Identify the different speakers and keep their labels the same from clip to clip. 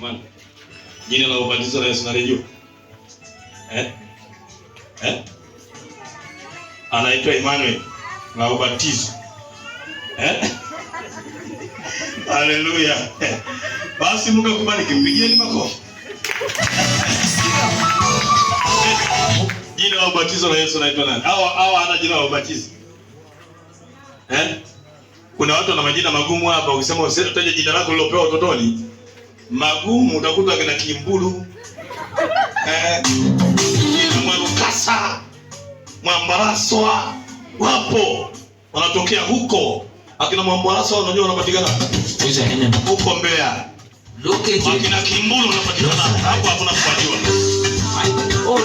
Speaker 1: Mwana. Jina la ubatizo la Yesu nalijua. Eh? Eh? Anaitwa Emmanuel la ubatizo. Eh? Haleluya. Basi Mungu akubariki, mpigieni makofi. Jina la ubatizo la Yesu naitwa nani? Hawa hawa hana jina la ubatizo. Eh? Kuna watu wana majina magumu hapa, ukisema usitaje jina lako lilopewa utotoni, magumu, utakuta kina Kimbulu eh, kina Mwambaraswa wapo wanatokea huko. Akina Mwambaraswa wanajua wanapatikana huko Mbeya, akina Kimbulu wanapatikana hapo, hakuna kujua oh,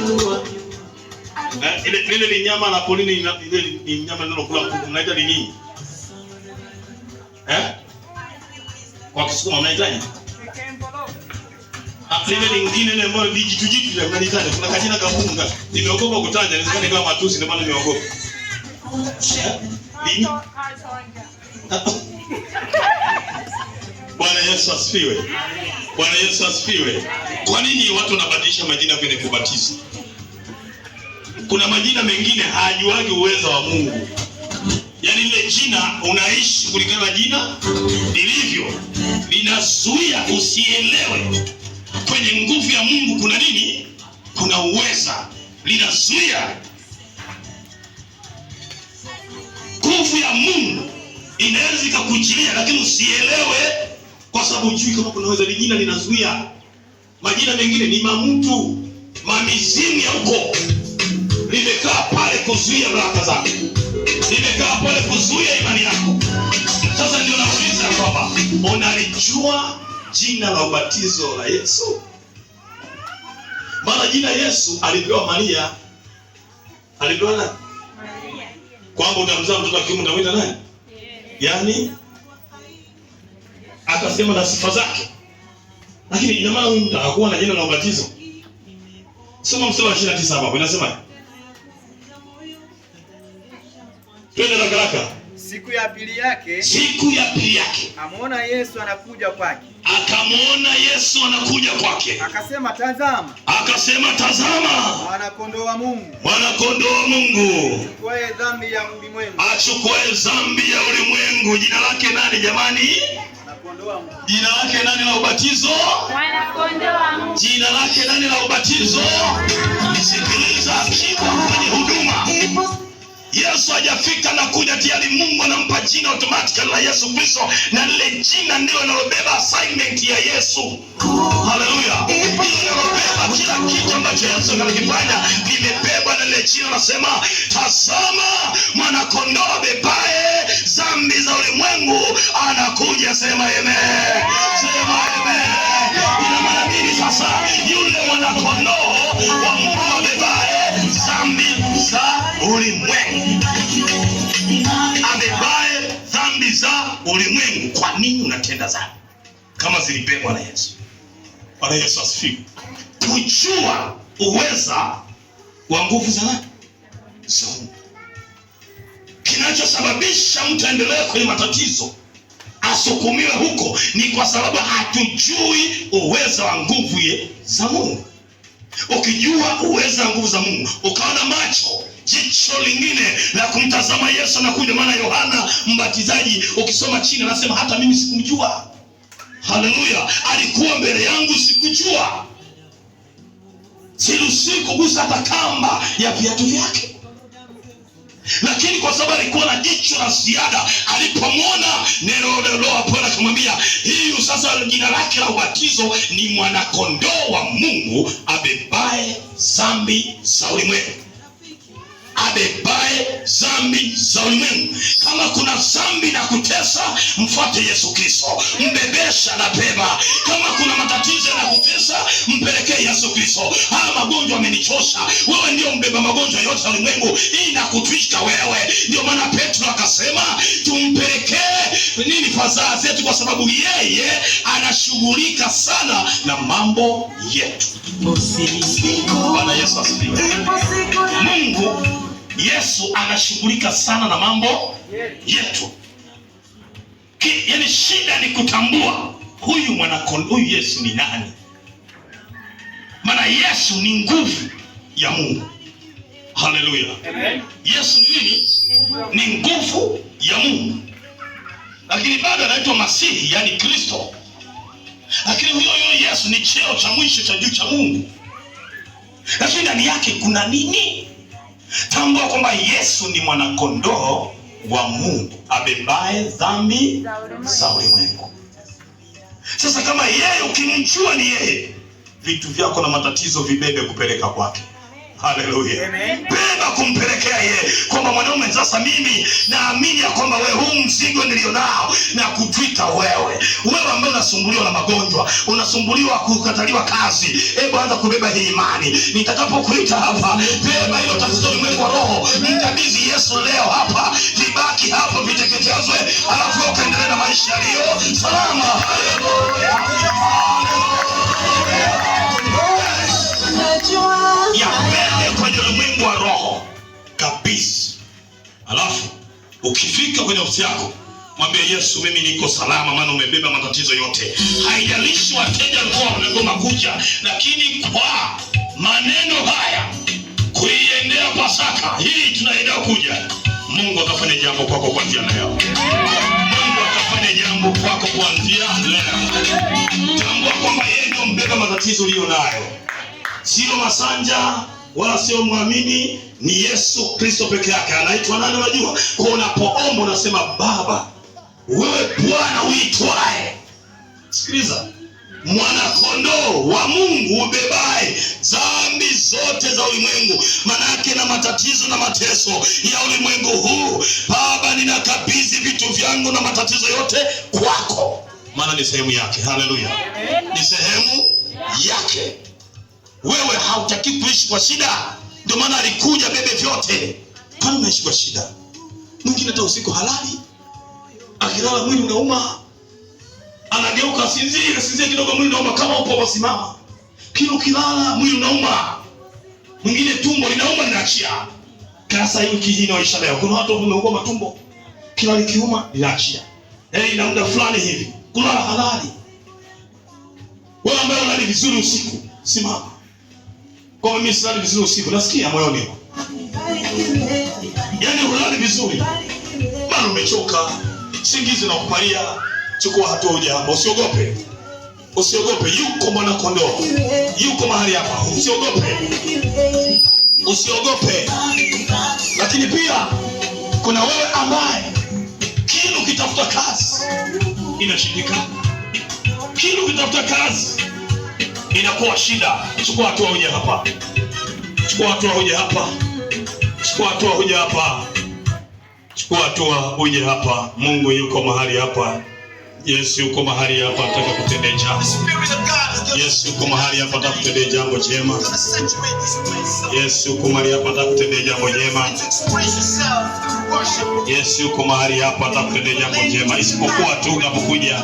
Speaker 1: lile eh, ni nyama na polini ni nyama kula kuku, mnaita ni nini? Eh? Kwa Kisukuma mnaita nini? Ah, Sasa lingine ile ambayo vijitu jitu ya kanitani kuna kajina kafunga. Nimeogopa kutaja, inawezekana kama matusi ndio maana nimeogopa. Lini? Bwana Yesu asifiwe. Bwana Yesu asifiwe. Kwa nini watu wanabadilisha majina kwenye kubatiza? Kuna majina mengine hayajuagi uwezo wa Mungu. Yaani ile jina unaishi kulingana na jina lilivyo, linazuia usielewe kwenye nguvu ya Mungu kuna nini? Kuna uweza, linazuia nguvu ya Mungu inaweza ikakujilia, lakini usielewe kwa sababu ujui kama kuna uweza. lingine linazuia, majina mengine ni mamtu mamizimu ya huko, limekaa pale kuzuia baraka zako, limekaa pale kuzuia imani yako. Sasa ndio nauliza kwamba unalijua jina la ubatizo la Yesu? Maana jina Yesu alipewa Maria, alipewa nani? Maria. Kwamba utamzaa mtoto wa kiume utamwita nani? Yaani akasema na sifa zake, lakini ina maana huyu hakuwa na jina la ubatizo. Soma mstari wa 29 hapo inasema, twende haraka haraka
Speaker 2: Siku ya pili yake,
Speaker 1: siku ya pili yake
Speaker 2: amuona Yesu anakuja kwake,
Speaker 1: akamuona Yesu anakuja kwake,
Speaker 2: akasema tazama,
Speaker 1: akasema tazama,
Speaker 2: mwana kondoo wa Mungu,
Speaker 1: mwana kondoo wa Mungu,
Speaker 2: achukuaye dhambi ya ulimwengu,
Speaker 1: achukuaye dhambi ya ulimwengu. Jina lake nani jamani? Jina lake nani la ubatizo?
Speaker 2: Mwana kondoo wa Mungu.
Speaker 1: Jina lake nani la ubatizo? Sikiliza shika Yesu hajafika na kuja tayari, Mungu anampa jina automatically la Yesu Kristo, na lile jina ndilo linalobeba assignment ya Yesu. Haleluya, Ndio linalobeba kila kitu ambacho Yesu anakifanya, vimebebwa na lile jina. Nasema, tazama mwanakondoo bebae dhambi za ulimwengu anakuja. Sema amen. dhambi za ulimwengu. Kwa nini unatenda dhambi kama zilibebwa na Yesu? Bwana Yesu asifiwe. Kujua uweza wa nguvu za nani? So, Kinachosababisha mtu aendelee kwenye matatizo asukumiwe huko ni kwa sababu hatujui uweza wa nguvu za Mungu. Ukijua uweza nguvu za Mungu, ukawa na macho jicho lingine la kumtazama Yesu anakuja. Maana Yohana Mbatizaji ukisoma chini anasema hata mimi sikumjua. Haleluya, alikuwa mbele yangu, sikujua, siruhusiwi kugusa hata kamba ya viatu vyake lakini kwa sababu alikuwa na jicho la ziada, alipomwona neno Paulo akamwambia, hiyu sasa jina lake la ubatizo ni mwanakondoo wa Mungu abebaye zambi za ulimwengu abebaye zambi za ulimwengu. Kama kuna zambi na kutesa, mfuate Yesu Kristo, mbebesha na beba. Kama kuna matatizo na kutesa, mpelekee Yesu Kristo. Haya magonjwa amenichosha magonjwa yote ya ulimwengu inakutwika wewe. Ndio maana Petro akasema tumpelekee nini fadhaa zetu, kwa sababu yeye anashughulika sana na mambo yetu. Bwana Yesu asifiwe. Mungu Yesu anashughulika sana na mambo yetu. Yaani shida ni kutambua huyu mwana huyu Yesu ni nani? Maana Yesu ni nguvu ya Mungu. Haleluya. Yesu nini? Ni nguvu ya Mungu, lakini bado anaitwa Masihi, yani Kristo. Lakini huyo huyo Yesu ni cheo cha mwisho cha juu cha Mungu, lakini ndani yake kuna nini? Tambua kwamba Yesu ni mwanakondoo wa Mungu abebaye dhambi za ulimwengu. Sasa kama yeye ukimjua ni yeye, vitu vyako na matatizo vibebe kupeleka kwake. Haleluya, penda kumpelekea yeye, kwamba mwanaume, sasa mimi naamini ya kwamba wewe huu mzigo nilionao na kutwita wewe, wewe ambaye unasumbuliwa na magonjwa, unasumbuliwa kukataliwa kazi, hebu anza kubeba hii imani. Nitakapokuita hapa, beba hilo tatizo wa roho, mkabidhi Yesu leo hapa, vibaki hapo viteketezwe, alafu ukaendelee na maisha yaliyo salama. Haleluya. kwenye ofisi yako, mwambie Yesu, mimi niko salama, maana umebeba matatizo yote. Haijalishi wateja walikuwa wamegoma kuja, lakini kwa maneno haya kuiendea Pasaka hii tunaendea kuja, Mungu atafanya jambo kwako kuanzia leo. Mungu atafanya jambo kwako kuanzia leo. Tambua kwamba yeye ndio mbeba matatizo uliyo nayo, sio masanja wala sio mwamini, ni Yesu Kristo peke yake. Anaitwa nani? Unajua, kwa unapoomba unasema Baba wewe Bwana uitwae, sikiliza, mwanakondoo wa Mungu ubebae dhambi zote za ulimwengu, manake na matatizo na mateso ya ulimwengu huu. Baba, ninakabidhi vitu vyangu na matatizo yote kwako, maana ni sehemu yake. Haleluya, ni sehemu yake. Wewe hautaki kuishi kwa shida, ndio maana alikuja bebe vyote. Kama unaishi kwa shida, mwingine hata usiku halali, akilala mwili unauma, anageuka sinzia sinzia kidogo, mwili unauma. Kama upo wasimama, kila ukilala mwili unauma, mwingine tumbo linauma, linaachia kasa. Hii wiki hii inaisha leo, kuna watu wameugua matumbo, kila likiuma linaachia, eh, ina muda fulani hivi. Kulala halali, wewe ambaye unalala vizuri usiku, simama kwa hiyo mimi silali vizuri usiku, nasikia moyo wangu. Yaani ulali vizuri. Bado umechoka. Singizi na kupalia. Chukua hatua hujamba, usiogope. Usiogope, yuko mwana kondoo. Yuko mahali hapa. Usiogope. Usiogope. Lakini pia kuna wewe ambaye kila ukitafuta kazi inashindikana. Kila ukitafuta kazi inakuwa shida. Chukua hatua uje hapa, chukua hatua uje hapa, chukua hatua uje hapa, chukua hatua uje hapa. Mungu yuko mahali hapa, Yesu yuko mahali hapa, atakakutendea Yesu yuko mahali hapa atakutendea jambo jema. Yesu yuko mahali hapa atakutendea jambo jema. Yesu yuko mahali hapa atakutendea jambo jema, isipokuwa tu unapokuja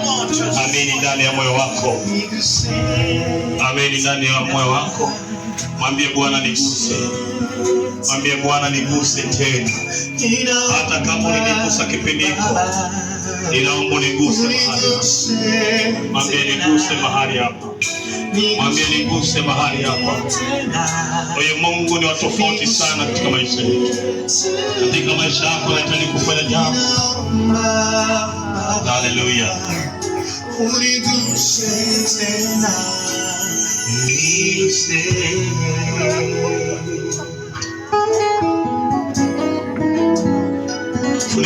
Speaker 1: amini ndani ya moyo wako, amini ndani ya moyo wako. Mwambie Bwana niguse, mwambie Bwana niguse tena, hata kama ulinigusa kipindi hiko, ninaomba niguse mahali hapa. Mwambie niguse mahali hapa, mwambie niguse mahali hapa. Oye, Mungu ni watofauti sana katika maisha yetu, katika maisha yako nahitaji kufanya jambo. Haleluya. He's stay.